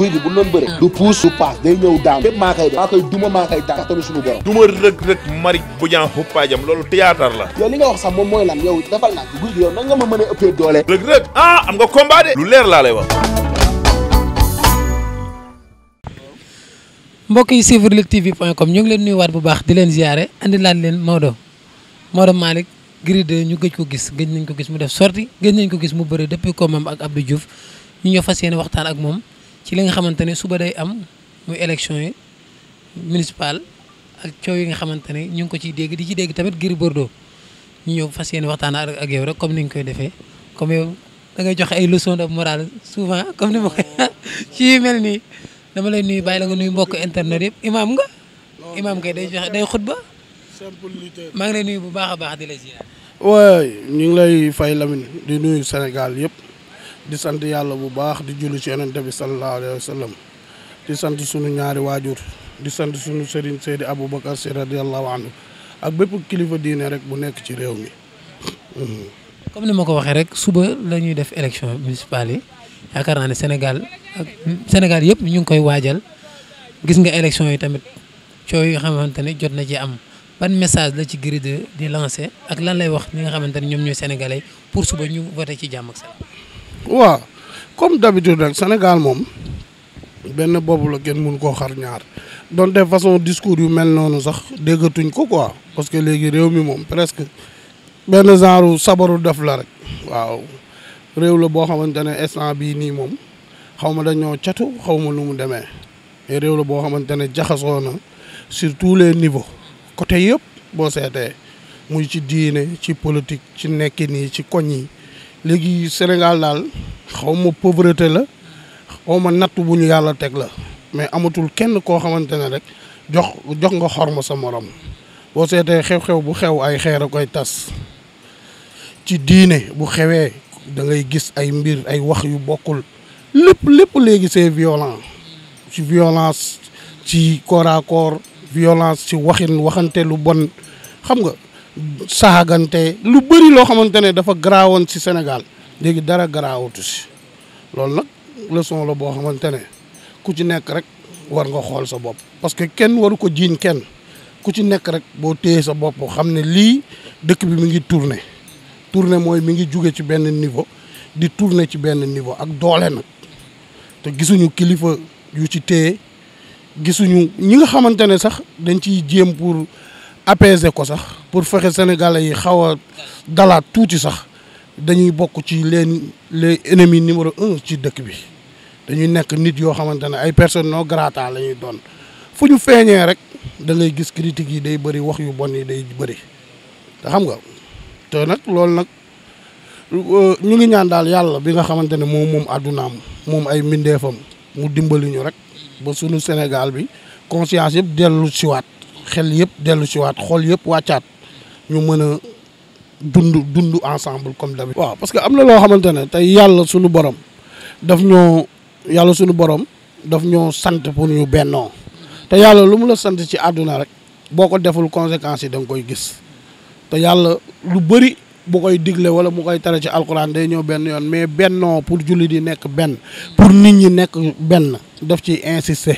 guy gi bu doon bu ñaa xuppaajam loolu théâtre la li nga wax sax moom mooy lan yow a ëppee doole ah, am nga combat de laa lay wax yi suivre Lutte TV point com ñu ngi leen nuyuwaat bu baax di leen ziare andi laat leen Maodo Maodo Malick Gris 2 ñu gëj ko gis gëj nañ ko gis mu def sortie gëj nañ ko gis mu bëre depuis combat ak Abdou Diouf ñu ñoo fas yéene waxtaan ak moom ci li nga xamante ne suba day am muy élection yi municipal ak coow yi nga xamante ne ñu ngi ko ciy dégg di ci dégg tamit Gris Bordeaux ñu ñëw fas yéene waxtaan ak yow rek comme ni ñu koy defee comme yow da ngay ay leçon de morale souvent comme ni ma koy oh. ci mel nii dama lay nuyu bàyyi la nga nuyu mbokk internet yëpp imaam nga. imaam kay day joxe day xutba. maa ngi lay bu baax a baax di la ziar. waay ñu ngi lay fay Lamine di nuyu Sénégal yëpp. di sant yàlla bu baax di julli ci yonente bi sallallahu alayhi wa sallam sant sunu ñaari waajur di sant sunu sëriñ Seydi Aboubacar Sy radiyallahu anhu ak bépp kilifa diine rek bu nekk ci réew mi. comme ni ma ko waxee rek suba la ñuy def élection municipale yi yaakaar naa ne Sénégal ak Sénégal yëpp ñu ngi koy waajal gis nga élection yi tamit coow yi xamante ne jot na ci am ban message la ci Gris di lancé ak lan lay wax ñi nga xamante ne ñoom ñooy sénégalais pour suba ñu voté ci jàmm ak waaw comme d'habitude rek Sénégal moom benn boobu la kenn mun koo xar ñaar donte façon discours yu mel noonu sax déggatuñ ko quoi parce que léegi réew mi moom presque benn genre sabaru def la rek waaw réew la boo xamante ne instant bii nii moom xaw ma dañoo catu xaw ma lu mu demee mais réew la boo xamante ne jaxasoo na sur tous les niveaux côté yëpp boo seetee muy ci diine ci politique ci nekkin nii ci koñ yi léegi Sénégal daal xaw ma pauvreté la xaw ma natt bu ñu yàlla teg la mais amatul kenn koo xamante ne rek jox jox nga xor ma sa moroom boo seetee xew-xew bu xew ay xeer a koy tas ci diine bu xewee dangay gis ay mbir ay wax yu bokkul lépp lépp léegi c'est violent ci violence ci corps à corps violence ci waxin waxante lu bon xam nga saagante lu bëri loo xamante ne dafa garaawoon ci Sénégal léegi dara garaawatu ci loolu nag leçon la boo xamante ne ku ci nekk rek war nga xool sa bopp parce que kenn waru ko jiiñ kenn ku ci nekk rek boo téye sa bopp xam ne lii dëkk bi mi ngi tourné tourné mooy mi ngi jóge ci benn niveau di tourné ci benn niveau ak doole nag te gisuñu kilifa yu ci téye gisuñu ñi nga xamante ne sax dañ ciy jéem pour apaiser ko sax pour fexe sénégalais yi xaw a dalaat tuuti sax dañuy bokk ci leen les ennemis numéro un ci dëkk bi dañuy nekk nit yoo xamante ne ay personnes non grata lañuy doon fu ñu feeñee rek dalay gis critiques yi day bëri wax yu bon yi day bëri te xam nga te nag loolu nag euh, ñu ngi ñaan daal yàlla bi nga xamante ne moom moom àddunaam moom ay mbindeefam mu dimbali ñu rek ba sunu Sénégal bi conscience yëpp dellu siwaat xel yëpp dellu siwaat xool yëpp wàccaat ñu mën a dund dund ensemble comme d'habitude waaw parce que am na loo xamante ne tey yàlla suñu borom daf ñoo yàlla suñu borom daf ñoo sant pour ñu bennoo te yàlla lu mu la sant ci àdduna rek boo ko deful conséquences yi da koy gis te yàlla lu bëri bu koy digle wala mu koy tere ci alxuraan day ñëw benn yoon mais bennoo pour jullit yi nekk benn pour nit ñi nekk benn def ci insister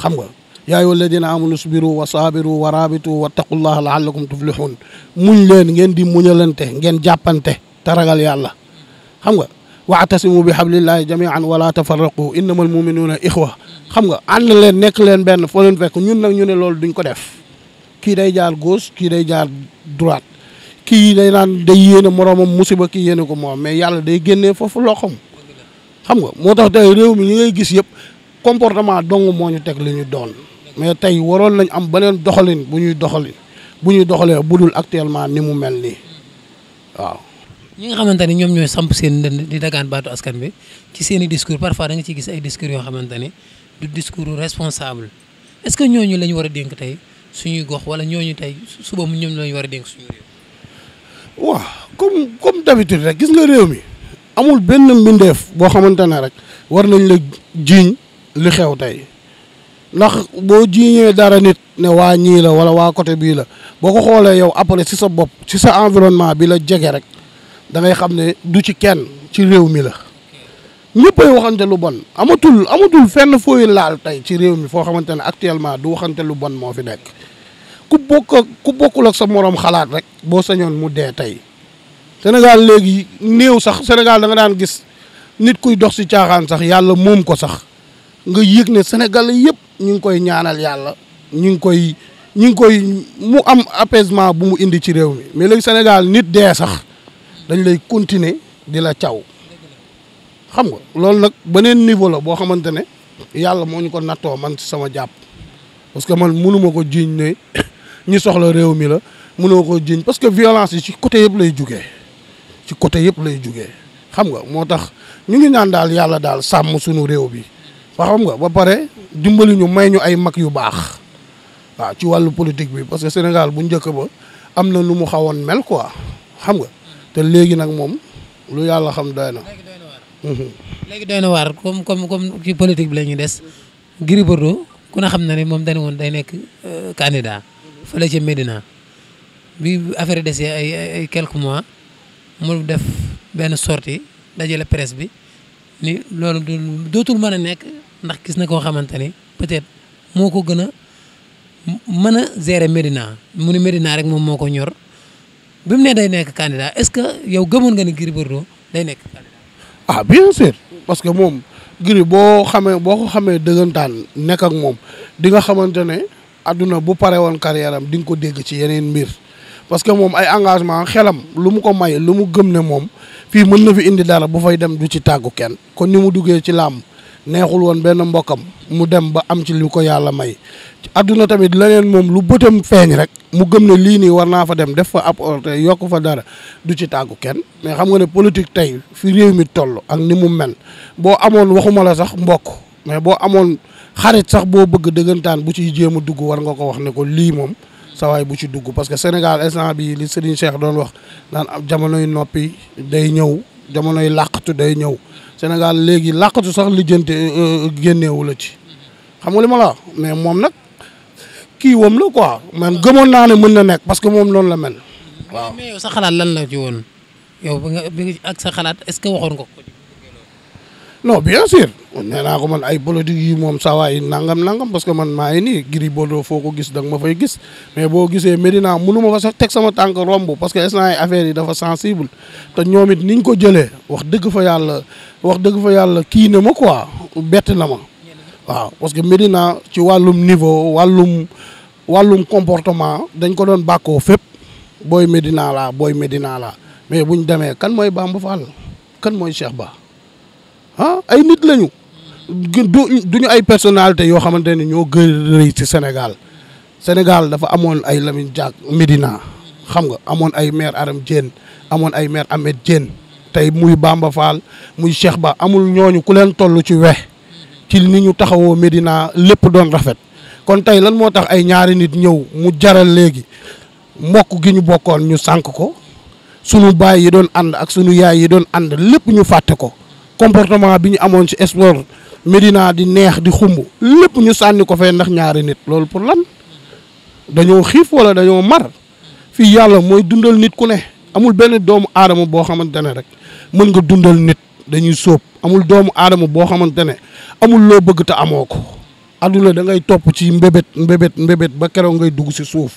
xam nga yaa ayyuha alladina amanu sbiru wa sabiru wa rabitu wa taqullaha laallakum tuflihun muñ leen ngeen di muñalante ngeen jàppante te ragal yàlla xam nga waatasimu bi hablillahi jamian wala tafarraqu innama almuminuuna ixwa xam nga ànd leen nekk leen benn foo leen fekk ñun nag ñu ne loolu duñ ko def kii day jaar gauche kii day jaar droite kii day naan day yéene moroomam musiba kii yéene ko moom mais yàlla day génnee foofu loxoom xam nga moo tax tey réew mi ñi ngay gis yëpp comportement dong moo ñu teg li ñu doon mais tey waroon nañ am beneen doxalin bu ñuy doxali bu ñuy doxalee bu budul actuellement ni mu mel nii waaw. ñi nga xamante ni ñoom ñooy samp seen ndënd di dagaan baatu askan bi ci seen i discours parfois da nga gis ay discours yoo xamante ni du discours responsable est-ce que ñooñu lañu war a dénk tey suñuy gox wala ñooñu tey suba mu ñoom lañ war a dénk suñu réew. waaw comme comme d'habitude rek gis nga réew mi amul benn mbindeef boo xamante ne rek war nañ la jiiñ li xew tey ndax boo jiiñee dara nit ne waa ñii la wala waa côté bii la boo ko xoolee yow après si sa bopp si sa environnement bi la jege rek da ngay xam ne du ci kenn ci réew mi la ñëppay waxante lu bon amatul amatul fenn fooy laal tey ci réew mi foo xamante ne actuellement du waxante lu bon moo fi nekk ku bokk ak bokkul ak sa moroom xalaat rek boo sañoon mu dee tey Sénégal léegi néew sax Sénégal da daan gis nit kuy dox si caaxaan sax yàlla moom ko sax nga yëg ne Sénégal yëpp ñu ngi koy ñaanal yàlla ñu ngi koy ñu ngi koy mu am apaisement bu mu indi ci réew mi mais léegi Sénégal nit dee sax dañ lay continuer di la caw xam nga loolu nag beneen niveau la boo xamante ne yàlla moo ñu ko nattoo man ci sama jàpp parce que man mënuma ko jiiñ ne ñi soxla réew mi la mënuma ko jiiñ parce que violence yi ci côté yëpp lay jugee ci côté yëpp lay jugee xam nga moo tax ñu ngi ñaan daal yàlla daal sàmm suñu réew bi xam nga ba pare dimbali ñu may ñu ay mag yu baax waaw ci wàllu politique bi parce que Sénégal bu njëkk ba am na lu mu xawoon mel quoi xam nga te léegi nag moom lu yàlla xam doy na. léegi doy na waar mhm. comme comme comme ci politique bi la ñuy des Gris Bordeaux ku ne xam na ni moom dañu woon day nekk euh, candidat la ci Médina bi affaire desee ay ay quelques mois mu def benn sortie dajale presse bi. ni loolu dootul mën a nekk ndax gis na koo xamante ni peut-être moo ko gën a mën a gérer Médina mu ne Médina rek moom moo ko ñor bi mu ne day nekk candidat est-ce que yow gëmoon nga ni Gris Bordeaux day nekk candidat ah bien sûr parce que moom Gris boo xamee boo xamee dëggantaan nekk ak moom di nga xamante ne adduna bu pare woon carrière am di nga ko dégg ci yeneen mbir parce que moom ay engagement xelam lu mu ko may lu mu gëm ne moom fii mën na fi indi dara bu fay dem du ci tàggu kenn kon ni mu duggee ci làmb neexul woon benn mbokkam mu dem ba am ci li ko yàlla may adduna tamit leneen moom lu bëtam feeñ rek mu gëm ne lii nii war naa fa dem def fa apporter yokk fa dara du ci tàggu kenn mais xam nga ne politique tey fi réew mi toll ak ni mu mel boo amoon waxuma la sax mbokk mais boo amoon xarit sax boo bëgg dëggantaan bu ciy jéem a dugg war nga ko wax ne ko lii moom sawaay bu ci dugg parce que Sénégal instant bi li Serigne Cheikh doon wax naan jamonoy noppi day ñëw jamonoy làqatu day ñëw Sénégal léegi làqatu sax lijjante euh, euh, génneewu la ci xam nga li ma la mais moom nag kii woom la quoi man gëmoon naa ne mën na nekk parce que moom noonu la mel waaw mais yow sa xalaat lan la ci woon yow bi nga ak sa xalaat est-ce que waxoon ko non bien sûr nee naa ko man ay politique yi moom sawaay nangam nangam parce que man maa ngi nii Gris Bordeaux foo ko gis da ma fay gis mais boo gisee Medina mënu ma fa sax teg sama tànk romb parce que instant yi affaire yi dafa sensible te ñoom it niñ ko jëlee wax dëgg fa yàlla wax dëgg fa yàlla kii na ma quoi bett na ma waaw parce que Medina ci wàllum niveau wàllum wàllum comportement dañ ko doon bakkoo fépp booy Medina la booy Medina la mais buñ demee kan mooy baam Bamba Fall kan mooy Cheikh Ba ah ay nit lañu du duñu ay personnalité yoo xamante ne ñoo gën rëy ci Sénégal Sénégal dafa amoon ay Lamine Diack Médina xam nga amoon ay maire Aram Diène amoon ay maire Ahmed Diène tey muy Bamba Fall muy Cheikh Ba amul ñooñu ku leen toll ci wex ci ni ñu taxawoo Médina lépp doon rafet kon tey lan moo tax ay ñaari nit ñëw mu jaral léegi mbokk gi ñu bokkoon ñu sànq ko sunu baay yi doon ànd ak sunu yaay yi doon ànd lépp ñu fàtte ko comportement bi ñu amoon ci sport Médina di neex di xumb lépp ñu sànni ko fee ndax ñaari nit loolu pour lan dañoo xiif wala dañoo mar fii yàlla mooy dundal nit ku ne amul benn doomu aadama boo xamante ne rek mën nga dundal nit dañuy soob amul doomu aadama boo xamante ne amul loo bëgg te amoo ko adduna dangay topp ci mbébét mbébét mbébét ba keroog ngay dugg si suuf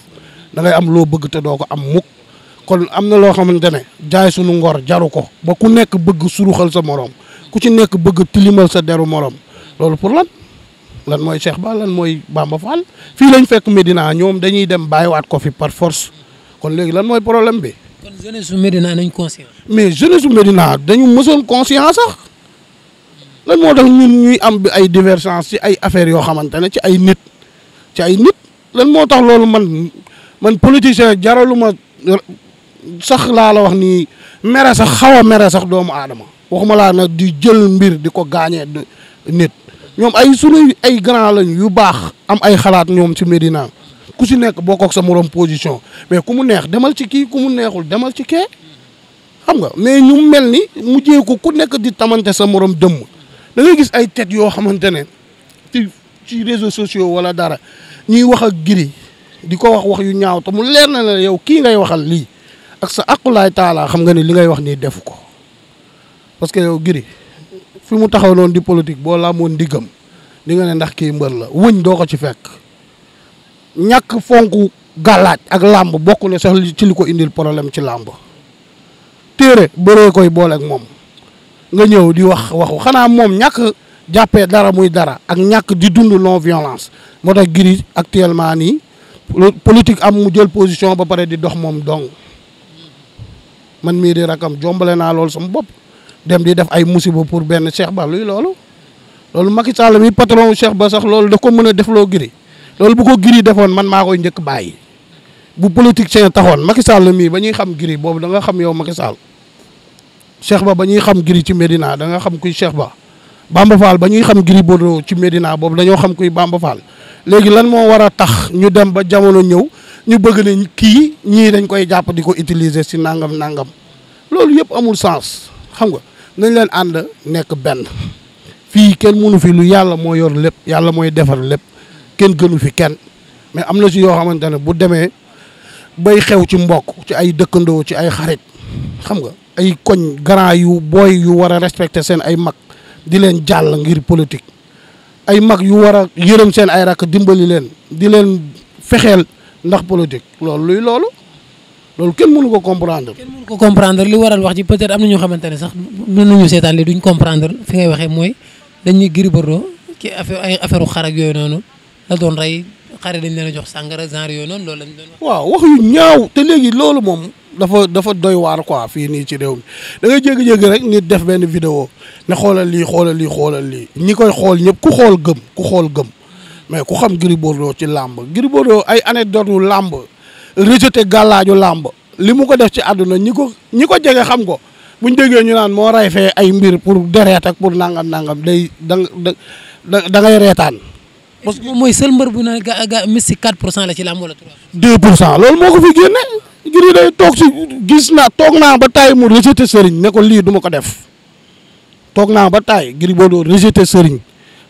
da ngay am loo bëgg te doo ko am mukk kon am na loo xamante ne jaay suñu ngor jaru ko ba ku nekk bëgg suruxal sa moroom ku ci nekk bëgg tilimal sa deru moroom loolu pour lan lan mooy Cheikh Ba lan mooy Bamba Fall fii lañ fekk Medina ñoom dañuy dem bàyyi waat ko fi par force kon léegi lan mooy problème bi. kon jeunesse su nañ conscient. mais jeunesse su Medina dañu mësoon conscient sax lan moo tax ñun ñuy am bi ay divergence ci ay affaires yoo xamante ne ci ay nit ay nit lan moo tax loolu man man politicien jaraluma sax laa la wax nii mere sax xaw mere sax doomu aadama waxuma laa nag di jël mbir di ko gaañee nit ñoom ay sunuy ay grand lañu yu baax am ay xalaat ñoom ci Medina ku si nekk boo ak sa morom position mais ku mu neex demal ci kii ku mu neexul demal ci kee xam nga mais ñu mel ni mujjee ko ku nekk di tamante sa moroom dëmm da ngay gis ay tête yoo xamante ne ci ci réseaux sociaux wala dara ñuy wax ak giri di ko wax wax yu ñaaw te mu leer na la yow kii ngay waxal lii ak sa aqulaay taalaa xam nga ni li ngay wax nii defu ko parce que yow Gris fi mu taxaw noonu di politique boo laamoon ndiggam li nga ne ndax kii mbër la wëñ doo ko ci fekk ñàkk fonk gàllaaj ak làmb bokk ne sax ci li ko indil problème ci làmb téere bëree koy booleeg moom nga ñëw di wax waxu xanaa moom ñàkk jàppee dara muy dara ak ñàkk di dund non violence moo tax Gris actuellement nii politique am mu jël position ba pare di dox moom dong man mii di rakam jombale naa loolu sama bopp dem di def ay musiba pour benn Cheikh Ba luy loolu loolu Macky Sall mii patron Cheikh Ba sax loolu da ko mën a defloo giri loolu bu ko giri defoon man maa koy njëkk bàyyi bu politicien taxoon Macky Sall mii ba ñuy xam giri boobu danga xam yow Macky Sall Cheikh Ba ba ñuy xam giri ci Medina da nga xam kuy Cheikh Ba Bamba Fall ba ñuy xam Gris Bordeaux ci Medina boobu dañoo xam kuy Bamba léegi lan moo war a tax ñu dem ba jamono ñëw ñu bëgg nañ kii ñii dañ koy jàpp di ko utiliser si nangam nangam loolu yëpp amul sens xam nga nañ leen ànd nekk benn fii kenn mënu fi lu yàlla moo yor lépp yàlla mooy defar lépp kenn gënu fi kenn mais am na si yoo xamante ne bu demee bay xew ci mbokk ci ay dëkkandoo ci ay xarit xam nga ay koñ grand yu booy yu war a respecter seen ay mag di leen jàll ngir politique ay mag yu war a yërëm seen ay rakk dimbali leen di leen fexeel ndax politique loolu luy loolu loolu kenn mënu ko comprendre. kenn mënu ko comprendre li waral wax ci peut-être am na ñoo xamante ne sax mën nañu seetaan li duñ comprendre fi ngay waxee mooy dañuy Gris Bordeaux ci affaire ay affaire xar ak yooyu noonu la doon rey xare dañ leen a jox sàngara genre yooyu noonu loolu lañ doon waaw wax yu ñaaw te loolu moom dafa dafa doy waar ko fii nii ci réew mi dangay ngay jékki rek nit def benn vidéo ne xoolal lii xoolal lii xoolal lii. ñi koy xool ñëpp ku xool gëm ku xool gëm. mais ku xam Gris Bordeaux ci làmb Gris Bordeaux ay anecdote wu làmb rejeté gàllaaju làmb li mu ko def ci àdduna ñi ko ñi ko jege xam ko buñ déggee ñu naan moo ray fee ay mbir pour dereet ak pour nangam nangam day da da ngay reetaan. parce que mooy seul mbër bu ne ga ga mystique 4 pour ci làmb wala 3. 2 pour loolu moo ko fi génne. Gris day toog si gis naa toog naa ba taay mu rejeté sëriñ ne ko lii du ma ko def toog naa ba taay Gris Bordeaux rejeté sëriñ.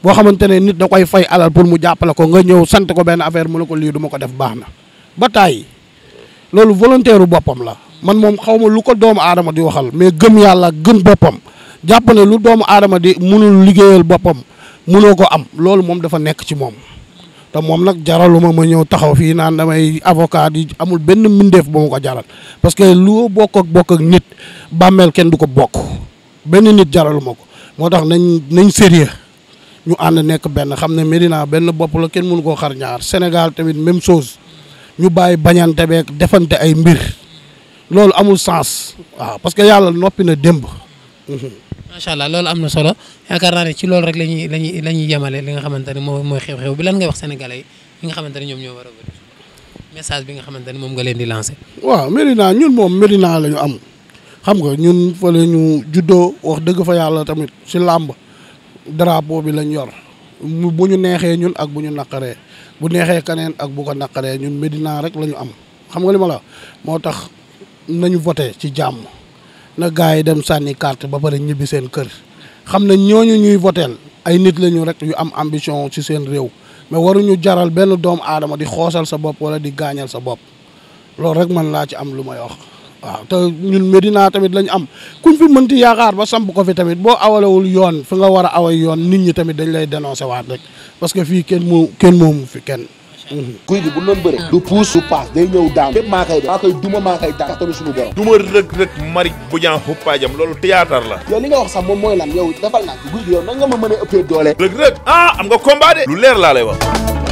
boo xamante ne nit da koy fay alal pour mu jàppale ko nga ñëw sant ko benn affaire mu ne ko lii du ma ko def baax na ba tàyyi loolu volontaire boppam la man moom xaw ma lu ko doomu aadama di waxal mais gëm yàlla gën boppam jàpp ne lu doomu aadama di mënul liggéeyal boppam munoo ko am loolu moom dafa nekk ci moom te moom nag jaraluma ma ñëw taxaw fii naan damay avocat yi amul benn mbindeef bu ma ko jaral parce que lu bokk ak bokk ak nit bàmmeel kenn du ko bokk benn nit jaraluma ko moo tax nañ nañ sérieux ñu ànd nekk benn xam ne Médina benn bopp la kenn mënu koo xar ñaar Sénégal tamit même chose ñu bàyyi bañante beeg defante ay mbir loolu amul sens waaw parce que yàlla noppi na démb. Mhm. macha allah loolu am na solo yaakaar naa ne ci loolu rek la ñuy la ñuy la li nga xamante ne moom mooy xew-xew bi ngay wax sénégalais nga xamante ne ñoom ñoo war a bëri message bi nga xamante ne moom nga leen di lancé. waaw Médina ñun moom Médina la ñu am xam nga ñun fa la ñu juddoo wax dëgg fa yàlla tamit si làmb drapeau bi lañ yor bu ñu neexee ñun ak bu ñu naqaree bu neexee keneen ak bu ko naqaree ñun Médina rek lañu am xam nga li ma la moo tax nañu voté ci jàmm na gars yi dem sànni carte ba pare ñibbi seen kër xam ne ñooñu ñuy voteel ay nit lañu rek yu am ambition ci seen réew mais waruñu jaral benn doomu aadama di xoosal sa bopp wala di gaañal sa bopp loolu rek mën laa ci am lu may wax. waaw te ñun Medina tamit lañ am kuñ fi mënti yaakaar ba samp ko fi tamit boo awalewul yoon fi nga war a away yoon nit ñi tamit dañ lay dénoncé waat rek parce que fii kenn moo kenn moomu fi kenn. guy mhm. gi bu doon bëre. du puus su paas day ñëw daam. lépp maa koy def maa koy duma maa koy daan. kattanu suñu borom. duma rëg rëg mari bu ñaa xuppaajam loolu théâtre la. yow li nga wax sax moom mooy lan yow dafal naa guy gi yow nan nga ma mën a ëppee doole. rëg rëg ah am nga combat leer laa lay wax.